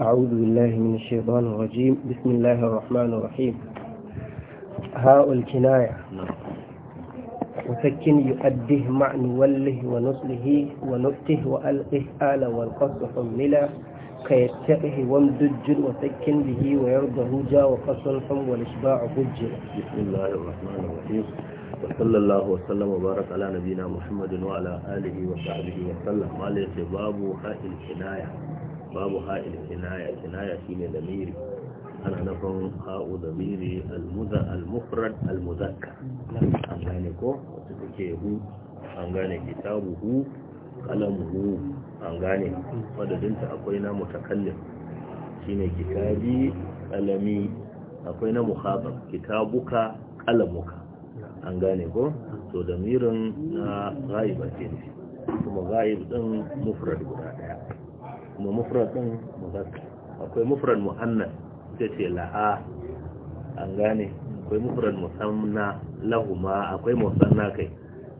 أعوذ بالله من الشيطان الرجيم بسم الله الرحمن الرحيم هاء الكناية وسكن يؤده مع نوله ونصله ونفته وألقه آل والقصد حملا كيتقه وامدج وسكن به ويرضه جا وقصد حم والإشباع بجل بسم الله الرحمن الرحيم وصلى الله وسلم وبارك على نبينا محمد وعلى آله وصحبه وسلم ما باب هاء الكناية babu ha'il kinaya kinaya shine damiri ana nufin ha'u damiri almuza almufrad almuzakkar an gane ko wata take hu an gane kitabu hu kalamu hu an gane madadinta akwai na mutakallim shine kitabi kalami akwai na muhatab kitabuka kalamuka an gane ko to damirin na ghaiba kuma ghaib din mufrad guda daya kuma mufrad din muzakkar akwai mufrad muannas ita ce laha an gane akwai mufrad musanna lahuma akwai musanna kai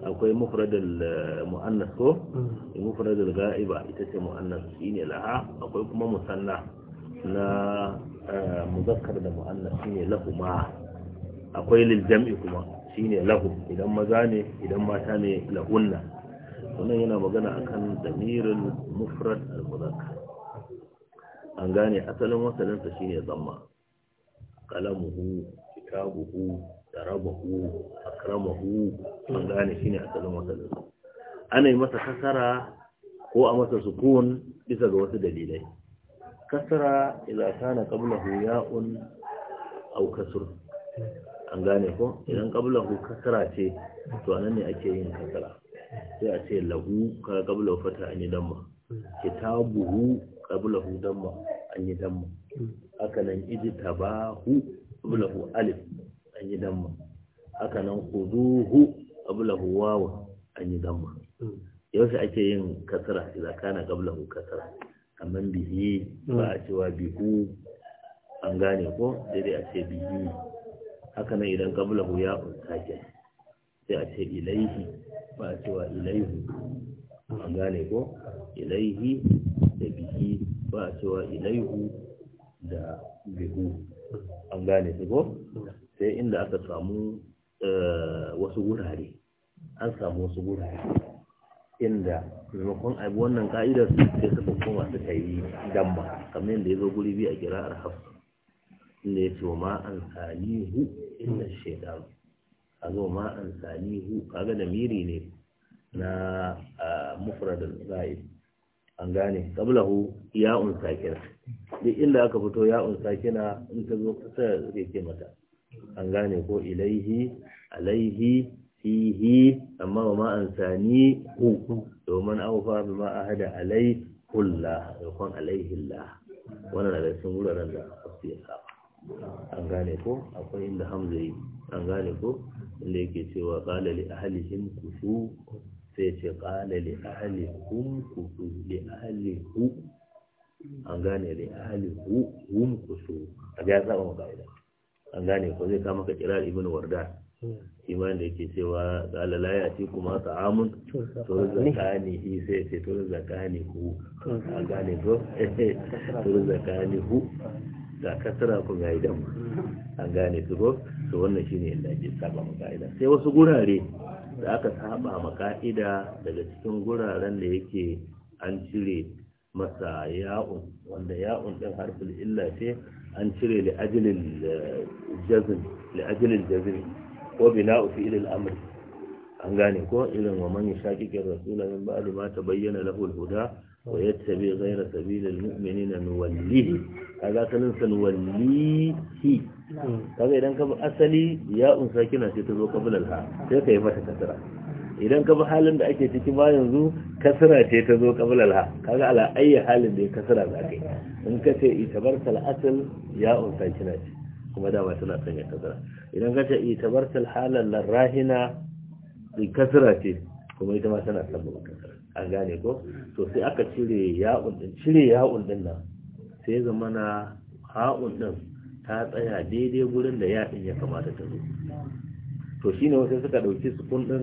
akwai mufradul eh, muannas ko mm. mufradul ga'iba ita ce muannas shine laha akwai kuma musanna na eh, muzakkar da muannas shine lahuma akwai lil jam'i kuma shine lahum idan maza ne idan mata ne lahunna wannan yana magana akan damirin mufrad al-muzakkar an gane asalin wasalinsa shine zamma kalamuhu kitabuhu darabahu akramahu an gane shine asalin wasalinsa ana yi masa kasara ko a masa sukun bisa ga wasu dalilai kasara idza kana qablahu ya'un aw kasr an gane ko idan qablahu kasara ce to anan ne ake yin kasara sai a ce lahu ka qabla fata an yi damma kitabuhu gabla hu damma an yi damma haka nan tabahu gabla hu alif an yi damma haka nan khuduhu gabla hu wawa an yi damma yaushe ake yin kasara idan kana gabla hu kasara amma bihi ba a cewa bihu an gane ko daidai a ce bihi haka nan idan gabla hu ya unta sai a ce ilaihi ba a cewa ilaihi an gane ko ilaihi da bihi ba a cewa ilaihu da bihu an gane su ko sai inda aka samu eh, wasu wurare an samu wasu wurare inda maimakon abu wannan ka'idar sai suka koma ta yi damba kamar yadda ya zo guri biyu a kira hafsa inda ya ce wa ma an hu inda shaidan kaga ma an salihu kaga da miri ne na mufradul ghaib an gane qablahu ya'un sakina duk inda aka fito ya'un sakina in ta zo kusa zai ce mata an gane ko ilaihi alaihi fihi amma wa ma'ansani hu domin aufa bi ma'ahada alai kullah yakon alaihi Allah wannan da sun wuraren da tafsir sa an gane ko akwai inda hamza yi an gane ko inda yake cewa qala li ahlihim kufu sai ce qala li ahlihum kufu li hu an gane li hu hum kufu a ga saba mu kaida an gane ko zai kama ka kira ibn warda iman da yake cewa qala la ce kuma amun to zakani hi sai ce to zakani hu an gane ko to zakani hu ga kasara ku ga idan an gane su ko to wannan shine yadda ake saba ma ka'ida sai wasu gurare da aka saba ma ka'ida daga cikin guraren da yake an cire masa ya'un wanda ya'un din harful illa ce an cire li ajlin eh, jazm li ajlin jazm ko bina'u fi ilal amri an gane ko irin wa man yashaqiqir rasula min ma tabayyana lahu al-huda wa غير سبيل المؤمنين نوليه هذا kaga asalin sa nuwallihi kaga idan ka bi asali ya unsa kina sai ta zo qabla ha sai ka yi mata kasra idan ka bi halin da ake ciki ba yanzu kasra ce ta zo qabla ha kaga ala ayi halin da ya kasra za ka yi in ka ce itabarta al-asl ya unsa kina ce kuma da ba tana sanya kasra idan ka ce itabarta al-halal larahina kasra ce kuma ita ma tana sanya kasra an gane ko to sai aka cire ya'un din cire ya'un din nan sai ya zama na ha'un din ta tsaya daidai gurin da ya'in ya kamata ta zo to shine wasu suka dauki kun din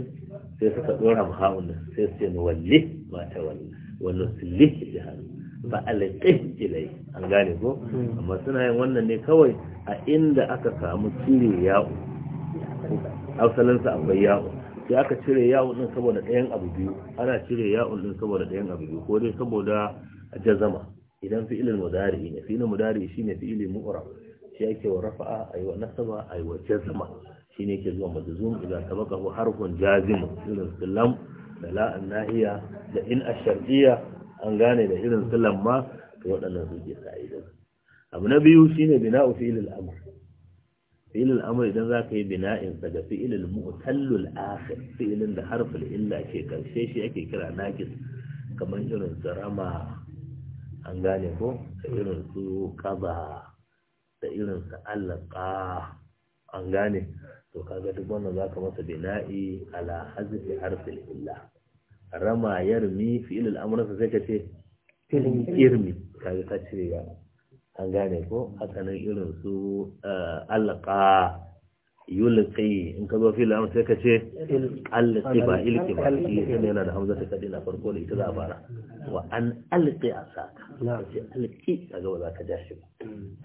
sai suka dora mu ha'un din sai su ce ni walli ba ta walli wa nuslih jahannam ba alqih ilai an gane ko amma suna yin wannan ne kawai a inda aka samu cire ya'un. hausalansa akwai ya'un. sai aka cire yawon din saboda ɗayan abu biyu ana cire yawon din saboda ɗayan abu biyu ko dai saboda jazama idan fi'ilin mudari ne fi'ilin mudari shine fi'ilin mu'rab shi yake wa rafa'a ayi wa nasaba ayi wa jazama shine yake zuwa majzum idan sabaka hu harfun jazim irin sallam da la an da in ash-shar'iyya an gane da irin sallam ma to waɗannan su ke sa'ida abu na biyu shine bina'u fi'il al-amr fi'ilul amr idan za ka yi bina'in sa ga fi'ilul mu'tallul akhir fi'ilin da harful illa ke karshe shi ake kira naqis kamar irin su rama an gane ko da irin su qaba da irin su allaqa an gane to kaga duk wannan zaka masa bina'i ala hazfi harfil illa rama yarmi fi'ilul amr sai ka ce filin irmi kaga ka ce ya an gane ko haka nan irin su eh, allaka yulqi in ka zo fil amr sai ka ce alqi ba ilqi ba ilqi yana da hamza ta kadina farko da ita za a fara wa an alqi asaka sai alqi kaga ba za ka ja shi ba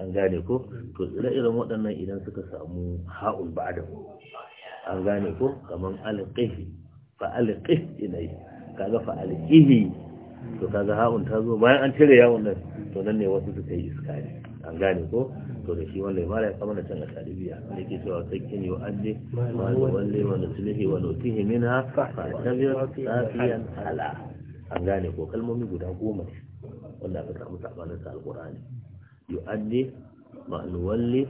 an gane ko to ire irin waɗannan idan suka samu ha'ul ba'da an gane ko kaman alqi fa alqi ilai kaga fa alqihi to kaga ha'un ta zo bayan an cire yawon nan to nan ne wasu suka yi iskari an gane ko to da shi wanda mara ya kama da can a talibiya da ke cewa sakin yau an ne ma da walle wa nusulihi wa nutihi min ha fatabiyar safiyan ala an gane ko kalmomi guda goma ne wanda aka samu sabanin sa alkurani yu'addi ma'nuwalli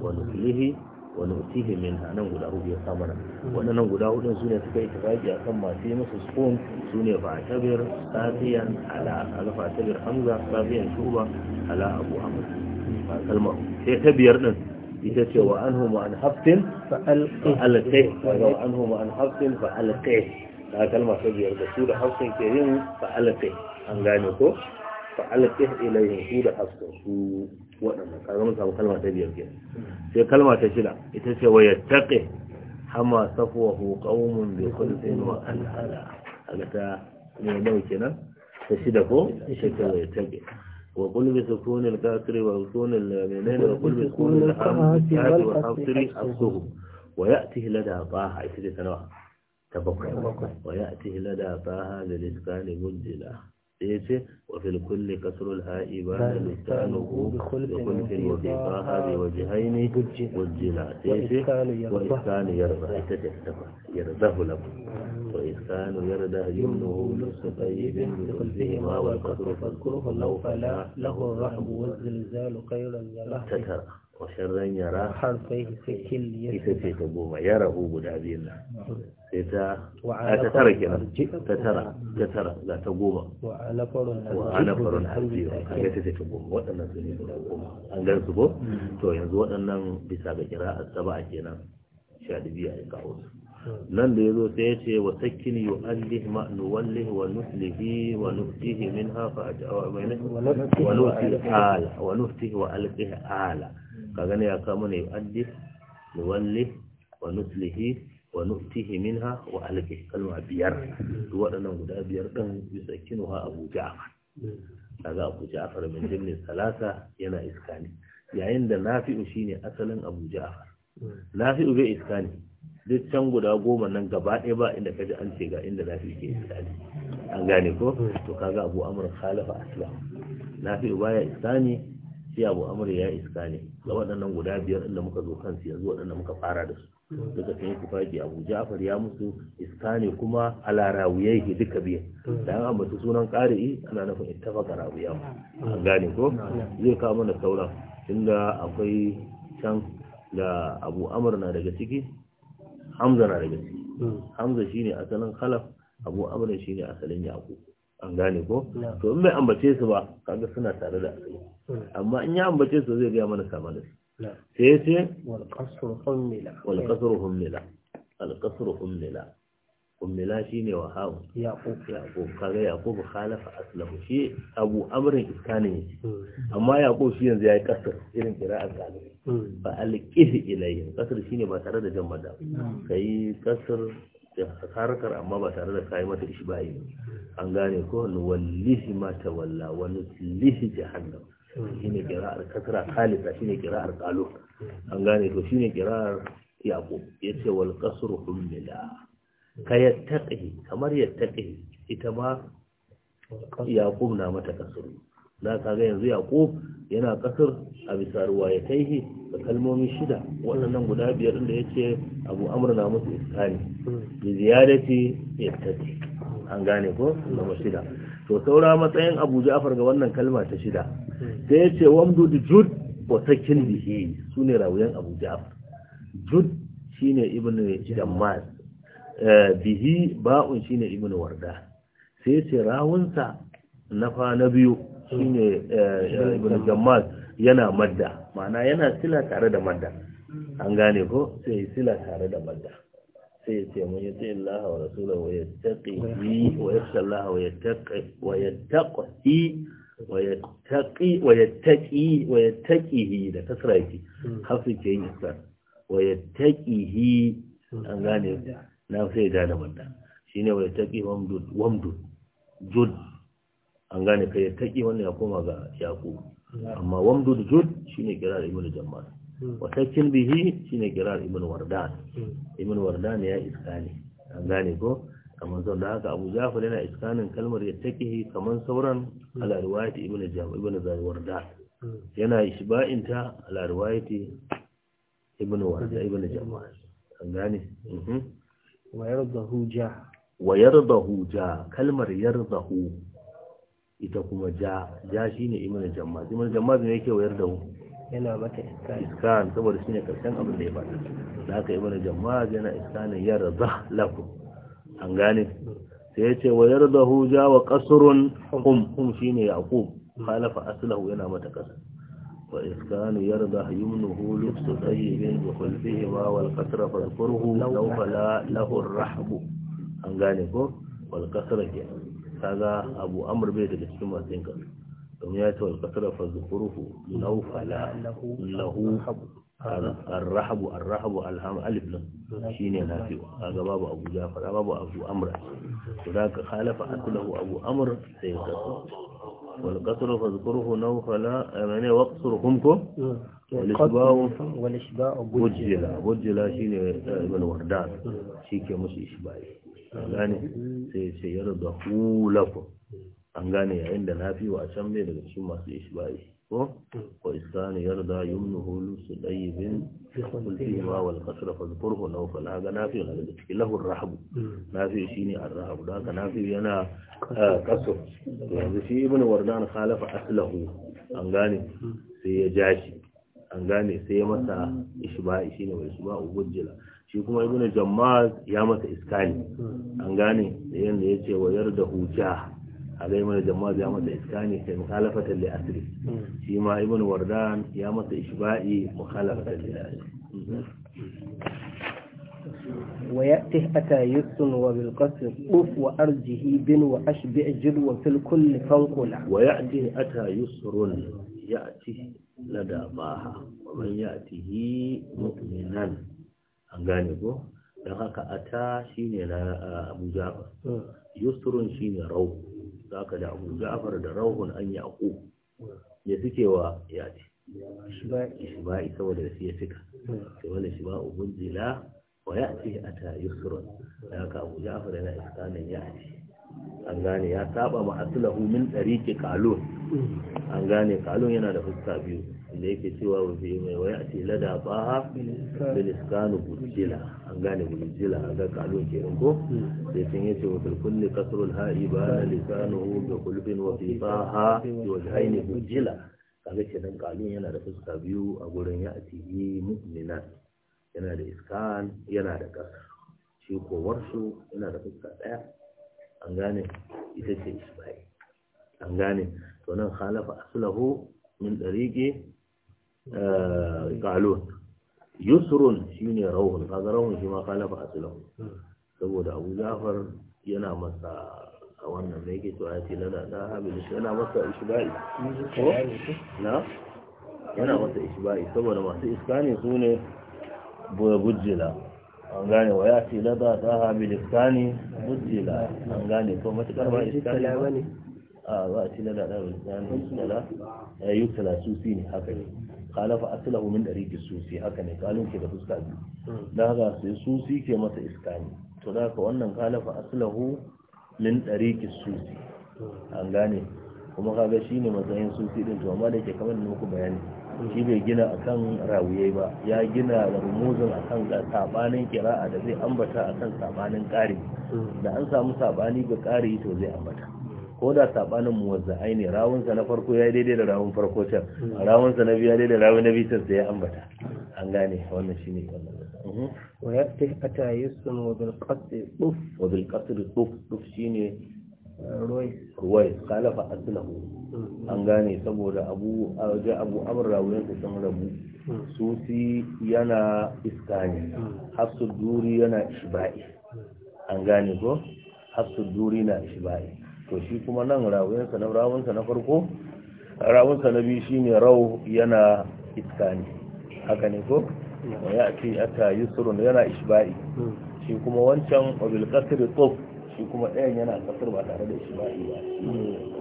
wa filihi. wani utihi min nan guda hudu ya samana wannan guda hudun su ne suka yi tafaki a kan masu yi musu sukun su ne fatabir safiyan ala alfatabir hamza safiyan shuba ala abu hamad ba kalmar sai ta biyar din ita ce wa an huma an haftin fa'alƙe wa an huma an haftin fa'alƙe ta kalmar ta biyar da su da haftin ke yin fa'alƙe an gane ko fa'alƙe ilayhin su da haftin su waɗannan ka zama samu kalma ta biyar kenan sai kalma ta shida ita ce wa yattaqi hama safwahu qaumun bi khulfin wa alhala kaga ta ne nawa kenan ta shida ko ita ce wa yattaqi وقل بسكون الكاسر وسكون الميمين وقل بسكون الكاسر والحصر حصه ويأته لدى طه اعتدت نوع تبقى ويأته لدى طه للإسكان مجلا إيش وفي الكل كسر الهاء بان لسانه بخلف وفي هذه بوجهين وجلا إيش وإسكان يرضى يرضاه لكم وإسكان يرضى يمنه لص طيب بخلفهما والكسر فاذكره لو فلا له الرحم والزلزال خيرا يا washarren yara harfai sai ita ta goma ya rahu guda biyun nan sai ta ta tara kenan ta tara ta tara ga ta goma wa ana har biyu a ga ta ce ta goma waɗannan su ne guda goma an gan su ko mm. to yanzu waɗannan bisa ga kira a saba a kenan sha da biyu a yi kawo su mm. nan da ya zo sai ya ce wa sakin yi allih ma'anu wallih wa nuflihi wa nuftihi min hafa a wa nuftihi wa alƙihi ala kaga ne ya kama ne ni walli wa nuslihi wa nutihi minha wa alqi kalma biyar duk waɗannan guda biyar din yusakinuha abu ja'far kaga abu ja'far min jinni salasa yana iskani yayin da nafi'u shine asalin abu ja'far nafi'u bai iskani duk can guda goma nan gaba ɗaya ba inda kaji an ce ga inda Nafi'u ke iskani an gane ko to kaga abu amr khalafa aslam nafi'u baya iskani sai abu amur ya iska ne ga waɗannan guda biyar inda muka zo kansu yanzu waɗanda muka fara da su daga sun yi tufaki abu ja'far ya musu iska ne kuma ala ke duka biyan da an ambata sunan ƙari'i ana nufin ittafaka rawiya a gane ko zai kawo mana sauran inda akwai can da abu amur na daga ciki hamza na daga ciki hamza shine asalin khalaf abu amur shine asalin yaqub an gane ko to in bai ambace su ba kaga suna tare da asali hmm. amma in ya ambace su zai ga mana samanin sai sai wal qasru hummila wal qasru hummila al qasru hummila hummila shine wa hawo ya ko kaga ko khalafa aslahu shi abu amrin iskanin yace hmm. amma ko shi yanzu yayi qasr irin qira'at galibi hmm. al alqih ilayhi qasr shine ba tare da jamma kai qasr karkar amma ba tare da kayi mata shi ba yi an gane ko wani wallihi ta walla wani lihi jahannam shine ne kira'ar kasra khalisa shi ne kira'ar kalo an gane to shi ne kira'ar yaƙo ya ce wal qasru humila ka ya kamar ya ita ma yaƙo na mata kasru za ka ga yanzu yaqub yana kasar a bisa kaihi da kalmomi shida waɗannan guda biyar da ya ce abu amur na musu iskani bi ziyadati yattati an gane ko zama shida to saura matsayin abu ja'far ga wannan kalma ta shida sai ya ce wamdu jud wa sakin bihi su ne rawuyan abu ja'far jud shine ibnu jammal eh, bihi ba'un shine ibnu warda sai ya rawunsa na fa na biyu Eh, shine ibn jammal yana madda ma'ana yana sila tare da madda an gane ko sai sila tare da madda sai ce mun yi tsayin laha wa rasulahu wa yattaqi wa yakhsha Allah wa yattaqi wa yattaqi wa yattaqi wa yattaqi wa yattaqihi da kasra yake hmm. hafi ke yi sa wa yattaqihi an gane hmm. na sai da da madda shine wa yattaqi wamdud wamdud jud an gane kai ya taƙi wannan ya koma ga yaƙu amma wamdu da jud shine kirar ibn jammal wa takil bihi shine kirar ibn wardan ibn wardan ya iska ne. an gane ko kamar sau da haka abu jafar yana iskanin kalmar ya taƙi kamar sauran ala riwayati ibn jammal ibn wardan yana ishba'inta ala riwayati ibn wardan ibn Jamal. an gane mhm. Wayar yardahu ja wa yardahu ja kalmar yardahu ita kuma ja ja shine imanin jama'a ibn jama'a ne yake wayar da mu yana mata iskan iskan saboda shine karshen abin da ya faɗa da haka imanin jama'a yana ya raza lakum an gane sai ya ce wa hu ja wa qasrun hum hum shine yaqub khalafa aslahu yana mata kasa wa raza yumnu hu lufsu tayyibin wa khulfihi ma wal qasra fadhkuruhu law fala lahu rahbu an gane ko wal qasra ke. kaga abu amr bai daga cikin masu ka don ya ce wal kasara fa zukuruhu lau fala lahu arrahabu arrahabu alham alif nan shine nafi'u kaga babu abu jafar babu abu amr to da ka khalafa aslahu abu amr sai ka wal kasara fa zukuruhu lau fala amane waqsur humko والإشباع والإشباع بجلا بجلا شيء ابن وردان شيء كمش إشباعي an gane sai ya ce yarda hulafu. an gane yayin da fi wa can bai daga cikin masu ba yi ko wa iskani yarda yumnu hulu su dayyibin kulfi ma wal kasar fa na law fa la ga nafi na daga cikin lahun rahabu shi ne ar-rahabu da haka nafi yana kaso eh, yanzu shi ibnu wardan khalafa aslahu an gane sai ya jashi an gane sai ya masa ishbahi shine wa ba gujjila shi kuma ibn jammaz ya masa iskani, an gane da yadda ya ce wa yarda a alai ibn jammaz ya masa iskani kai mukhalafatan li asri shi ma ibn wardan ya masa ishba'i mukhalafatan li asri ويأته أتى يس وبالقصر أف وأرجه بن وأشبع جد وفي الكل فانقلا ويأته أتى يسر يأتي لدى باها ومن يأته مؤمنا an gane ko don haka ata ne na abu hmm. yusturun shi ne rauhu za ka da abu jafar da rauhun an yi aku ya suke wa ya ce shiba'i saboda shi ya cika hmm. sai wani shiba'u jila wa ya ce ta yusturun da haka abu jafar yana iskanin ya ce an gane ya saba ma asulahu min ɗari ke kalon hmm. an gane kalon yana da fuska biyu da yake cewa wa fi mai waya ce lada baha biliskanu gudjila. an gane gudjila. a ga kalon kenan ko sai can yace wa fil kulli kasrul ha'i ba lisanuhu da qulbin wa fi baha wa haini bujila kaga nan kalon yana da fuska biyu a gurin ya atihi mu'mina yana da iskan yana da kasar shi ko warshu yana da fuska daya an gane ita ce ismail an gane to nan khalafa aslahu min dariqi galon yusrun shine rawun kaga rawun shi ma kalafa aslan saboda abu jafar yana masa a wannan da yake cewa ce lada da shi yana masa ishba'i na yana masa ishba'i saboda masu iska ne su ne bujjila an gane wa ya ce lada da habil iska ne bujjila an gane ko matukar ba iska ne ba a ce da habil iska ne bujjila ya yi talasu ne haka ne qala fa aslahu min dariqi susi haka ne kalin ke da fuska biyu da hmm. haka sai susi ke masa ne. to da haka wannan qala fa aslahu min dariqi susi hmm. an gane kuma kaga shi ne matsayin susi din to amma da ke kamar muku bayani hmm. shi bai gina akan rawuye ba ya gina da rumuzin akan sabanin kira'a da zai ambata akan sabanin ƙari da an samu sabani ga ƙari to zai ambata ko da sabanin muwazza'ai ne rawunsa na farko ya daidai da rawun farko can rawunsa na biya daidai da rawun na biyu sai ya ambata an gane wannan shine wannan mhm. wa ta ata yusun wa bil qasdi duf wa bil qasdi duf duf shine uh, ruwai kalafa aslahu an gane saboda abu ja abu amr rawun sa sun rabu hmm. susi yana iskani hmm. hasu duri yana ishba'i hmm. an gane ko hasu duri na ishba'i to shi kuma nan rawunsa na rawunsa na farko rawunsa na biyu shine raw yana iskani haka ne ko wa ya'ti ata yusrun yana ishba'i shi kuma wancan wabil qasri tuf shi kuma ɗayan yana kasar ba tare da ishba'i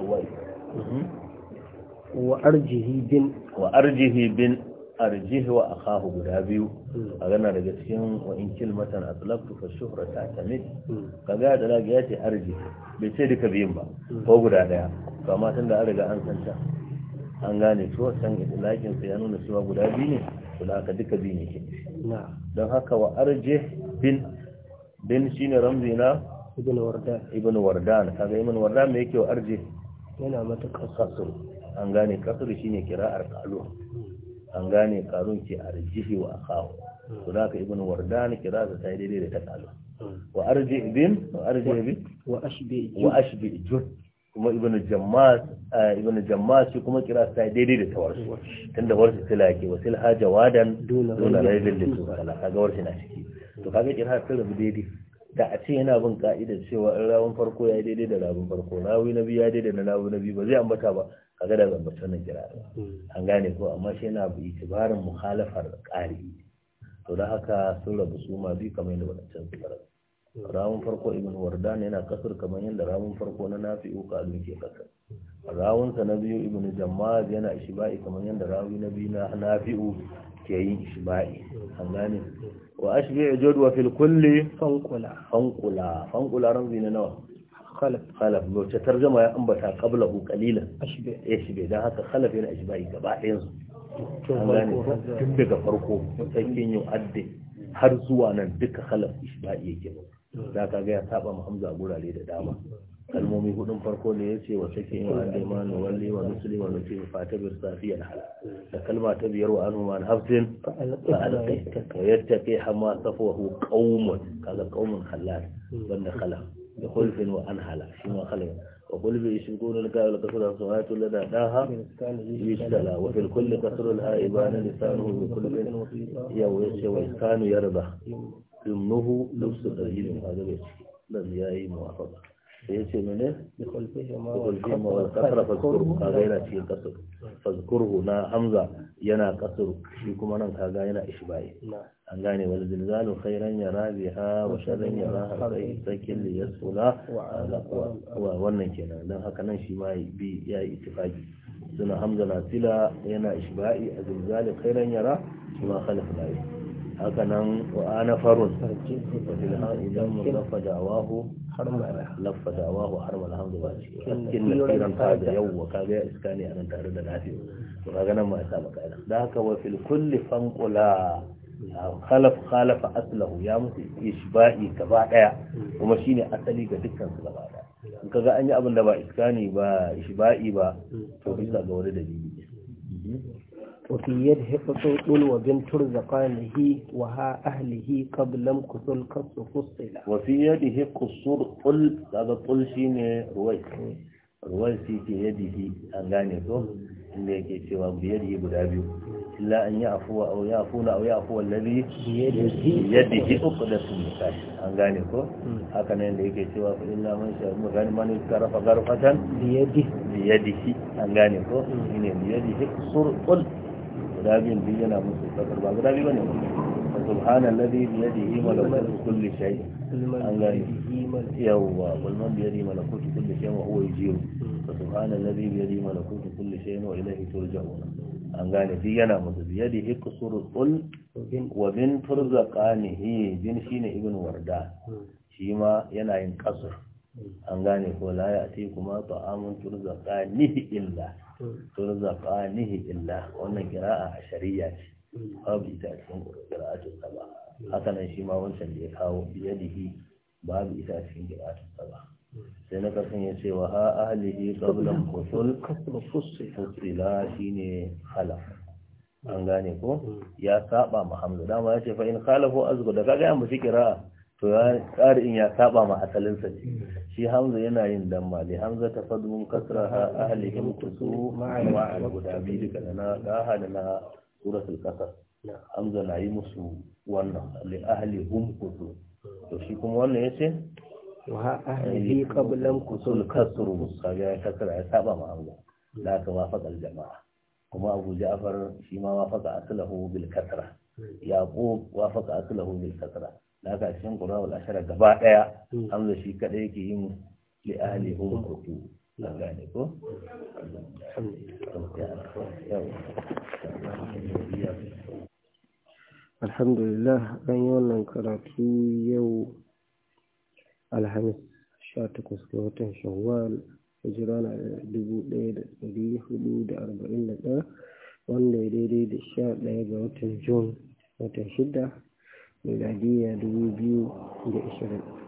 ba wa arjihi bin wa arjihi bin arjihi wa akahu guda biyu a gana daga cikin wa in kilmatan atlaqtu fa shuhra ta'tamid kaga da zaga yace arji bai ce duka biyun ba ko guda daya to amma tunda an riga an santa an gane to san itlaqin sai ya nuna cewa guda biyu ne to da haka duka biyu ne ke don haka wa arjih bin bin shine ramzi na ibn wardan ibn wardan kaga ibn warda me yake wa arjih yana matakan kasar an gane kasar shine kira'ar kalu an gane karun ke arjihi wa a kawo. Hmm. to da ka ibn Warda wardan kira ta yi daidai da ta kalu hmm. wa arji bin wa arji bin wa ashbi wa ashbi jud kuma ibn jammas eh, ibn jammas shi kuma kira ta yi daidai da ta warsu hmm. tunda warsu sila ke wasil haja wadan dole raibin da su kala kaga warsu na ciki to kaga kira ta rabu daidai da a ce yana bin ka'idar cewa in rawun farko ya daidai da rawun farko rawi na biyu ya daidai da rawi na biyu ba zai ambata ba kaga da ban sanin wannan kira hmm. an gane ko amma shi yana bi itibarin muhalafar ƙari to da haka sun rabu su ma biyu kamar yadda wadancan su fara rawun hmm. farko ibn wardan yana kasar kamar yadda rawun farko na nafi uka alun ke kasar rawunsa na biyu ibn jammaz yana ishba'i kamar yadda rawi na biyu na nafi'u ke yin ishba'i hmm. an gane wa ashbi'u jadwa fil kulli fanqula fanqula fanqula ramzi na nawa khalaf khalaf wacce tarjama ya ambata qablahu qalilan ashbe ashbe dan haka khalaf yana ashbai gaba ɗayan su tun daga farko sakin yau adde har zuwa nan duka khalaf ashbai yake za ka ga ya saba mu hamza gurare da dama kalmomi hudun farko ne yace wa sakin yau adde ma nu walli wa nusli wa nusi fatabir safiyan hal da kalma ta biyar wa anhu man hafsin fa alqaita yattaqi hama safahu بخلف وأنهل شنو خلف وقل يشركون لك والكسر الصوات لنا داها يشتلى وفي الكل كسر الآئبان لسانه بكل وإسكان يرضى يمنه لبس الرجيم هذا بيت لم يأي موافقة فيسي منه بكل فيهما والكسر فاذكره كاغينا شيء كسر فاذكره نا حمزة ينا قصر شيكم أنا كاغينا إشباعي نعم. an gane wal zilzalu khairan yara biha wa sharran yara sakin li yasula wa wannan kenan dan haka nan shi ma bi ya yi ittifaqi suna hamza na sila yana ishba'i a zilzalu khairan yara haka nan wa ana farun idan mun har mal hamza ba shi na kiran ta da yawwa kaga ya iska ne a nan tare da nafi to kaga nan ma ya sa maka da haka wa fil kulli fanqula khalaf khalafa aslahu ya musu ishbahi gaba daya kuma shine asali ga dukkan su gaba daya in kaga an yi abin da ba iskani ba ishbahi ba to bisa ga wani dalili وفي يده قصوط وبنت رزقانه وها أهله قبل امكث القص فصلا وفي يده قصور قل هذا قل شيني ruwai. ruwan fi ke yadihi an gane ko inda yake cewa bi yi guda biyu illa an yi afuwa au ya afuna au ya afuwa alladhi uku da su nikah an gane ko haka nan da yake cewa ku illa man shi mu gani man yuka rafa garfatan bi yadihi bi an gane ko shine bi surqul guda biyun biyu yana musu ba guda biyu ne subhanallazi bi yadihi malakutu kulli shay an gani yawwa qul man bi an gane duk yana musu bi yadihi qusrul qul wa bin turzaqanihi bin shine ibn warda shi ma yana yin kasur an gane ko la ya ati kuma ta'amun turzaqanihi illa turzaqanihi illa wannan a shari'a ce babu ita a cikin saba haka nan shi ma wancan da ya kawo yi babu ita a cikin saba sai na kasan ya ce wa ha ahlihi qablan fusul fusila shine khalaf an gane ko ya saba ma hamza dama ya ce fa in khalafu azgu da kaga yan mushi kira to ya tsari in ya saba ma asalin sa shi hamza yana yin damma li hamza tafaddu kasra ha ahlihim kusu ma'a guda biyu duka na da na suratul kasar hamza na yi musu wannan li ahli hum kutu to shi kuma wannan yace wa ahli qablan kutul kasru kaga ya kasra ya saba ma hmm. hamza la ka wafaqa jama'a kuma abu ja'far shi ma wafaqa aslahu bil kasra hmm. yaqub wafaqa aslahu bil kasra da ka cikin qur'an al ashara gaba daya hmm. hamza shi kadai yake yin li ahli hum kutu na gane ko alhamdulillah an yi wannan karatu yau alhamis sha takwas ga watan shawwal hijira na dubu ɗaya da ɗari hudu da arba'in da ɗaya wanda ya daidai da sha ɗaya ga watan jun watan shida miladiyya dubu biyu da ashirin